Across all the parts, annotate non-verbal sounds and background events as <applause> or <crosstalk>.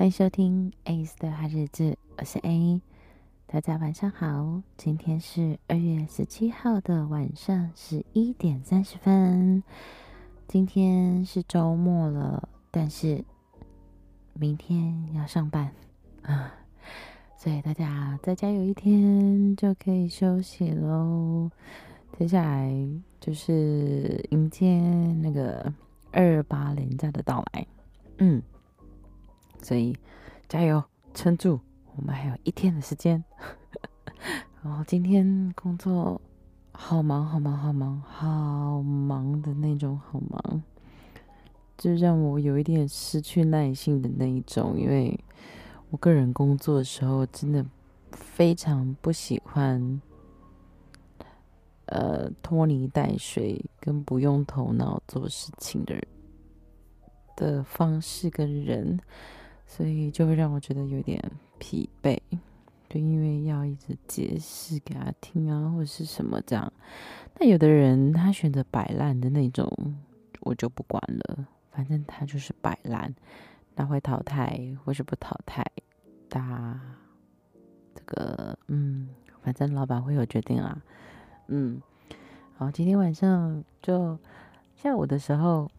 歡迎收聽 ACE 的花日誌，我是 a。大家晚上好，今天是二月十七號的晚上十一點三十分。今天是週末了，但是明天要上班啊，所以大家在家有一天就可以休息嘍。接下來就是迎接那個二二八連假的到來，嗯。所以，加油，撐住！我們還有一天的時間。然 <laughs> 後今天工作好忙，好忙，好忙，好忙的那種，好忙，就讓我有一點失去耐性的那一種。因為我個人工作的時候，真的非常不喜歡，呃，拖泥帶水跟不用頭腦做事情的人的方式跟人。所以就會讓我覺得有點疲憊，就因為要一直解釋給他聽啊，或者是什麼這樣。那有的人他選擇擺爛的那種，我就不管了，反正他就是擺爛，他會淘汰或是不淘汰，他這個嗯，反正老闆會有決定啊。嗯，好，今天晚上就下午的時候，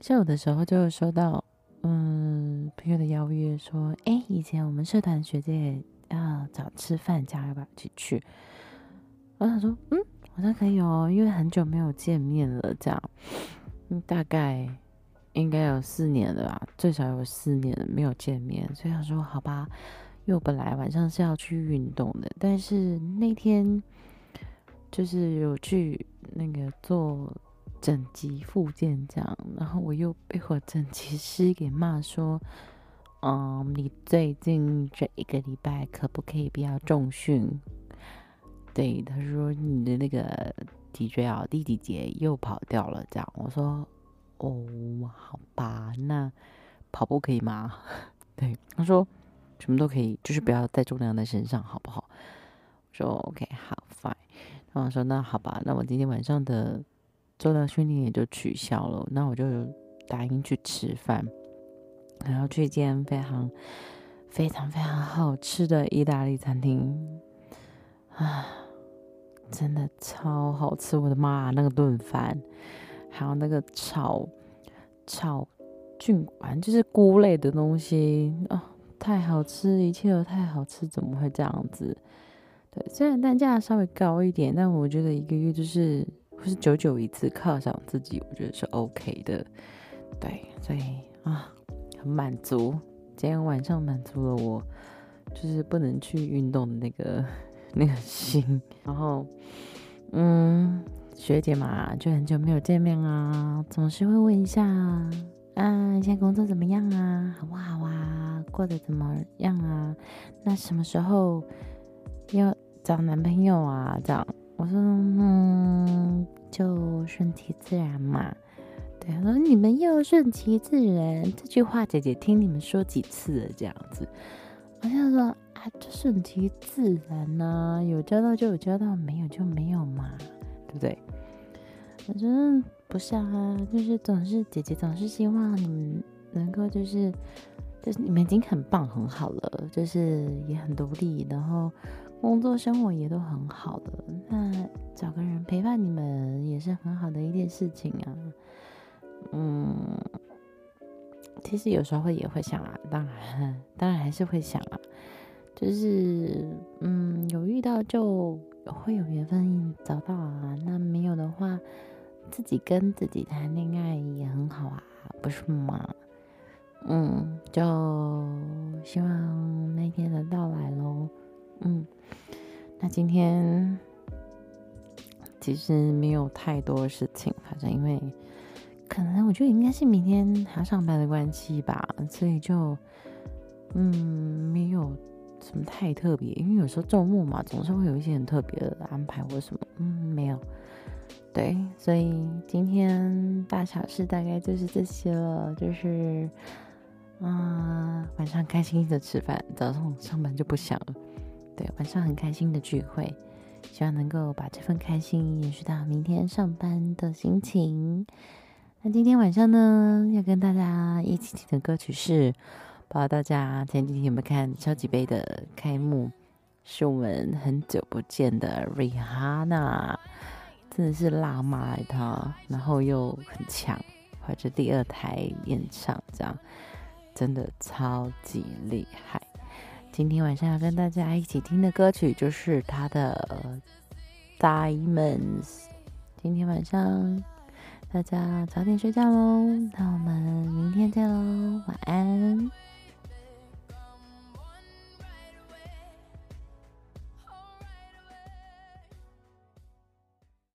下午的時候就收到嗯。朋友的邀約說：“哎、欸，以前我們社團學姐要揪吃飯，要不要一起去？”我想說：“嗯，好像可以哦、喔，因為很久沒有見面了，這樣、嗯，大概應該有四年了吧，最少有四年沒有見面。”所以想說：“好吧。”因為我本來晚上是要去運動的，但是那天就是有去那個做。整肌復健，這樣，然後我又被我整肌師給罵說：“嗯，你最近這一個禮拜可不可以不要重訓？”對，他說：“你的那個脊椎啊，第幾節又跑掉了。”這樣，我說：“哦，好吧，那跑步可以嗎？”對，他說：“什麼都可以，就是不要帶重量在身上，好不好？”我說：“OK，好，Fine。”那我說：“那好吧，那我今天晚上的。”做到訓練也就取消了，那我就答應去吃飯，然後去一間非常、非常、非常好吃的意大利餐廳啊，真的超好吃！我的媽、啊，那個燉飯，還有那個炒炒菌，反正就是菇類的東西啊、哦，太好吃，一切都太好吃，怎麼會這樣子？對，雖然單價稍微高一點，但我覺得一個月就是。就是久久一次犒賞自己，我覺得是 OK 的，對，所以啊，很滿足。今天晚上滿足了我，就是不能去運動的那個那個心。然後，嗯，學姐嘛，就很久沒有見面啊，總是會問一下，啊，現在工作怎麼樣啊？好不好啊？過得怎麼樣啊？那什麼時候要找男朋友啊？這樣。我說，嗯，就順其自然嘛，對。我說你們要順其自然這句話，姐姐聽你們說幾次了？這樣子，好像說啊，就順其自然吶、啊，有交到就有交到，沒有就沒有嘛，對不對？反正不是啊，就是總是姐姐總是希望你們能夠就是，就是你們已經很棒很好了，就是也很努力，然後。工作生活也都很好的，那找個人陪伴你們也是很好的一件事情啊。嗯，其實有時候會也會想啊，當然當然還是會想啊。就是嗯，有遇到就會有緣分找到啊。那沒有的話，自己跟自己談戀愛也很好啊，不是嗎？嗯，就希望那天的到來嘍。嗯，那今天其實沒有太多事情發生，反正因為可能我覺得應該是明天還要上班的關係吧，所以就嗯，沒有什麼太特別，因為有時候周末嘛，總是會有一些很特別的安排或什麼，嗯，沒有，對，所以今天大小事大概就是這些了，就是啊、呃、晚上開心的吃飯，早上上班就不想了。對，晚上很開心的聚會，希望能夠把這份開心延續到明天上班的心情。那今天晚上呢，要跟大家一起聽的歌曲是，不知道大家前、前幾天有沒有看超級杯的開幕，是我們很久不見的 Rihanna，真的是辣媽哈、哎，然後又很強，懷着第二胎演唱這樣，真的超級厲害。今天晚上要跟大家一起聽的歌曲就是他的《Diamonds》。今天晚上大家早點睡覺嘍，那我們明天見嘍，晚安。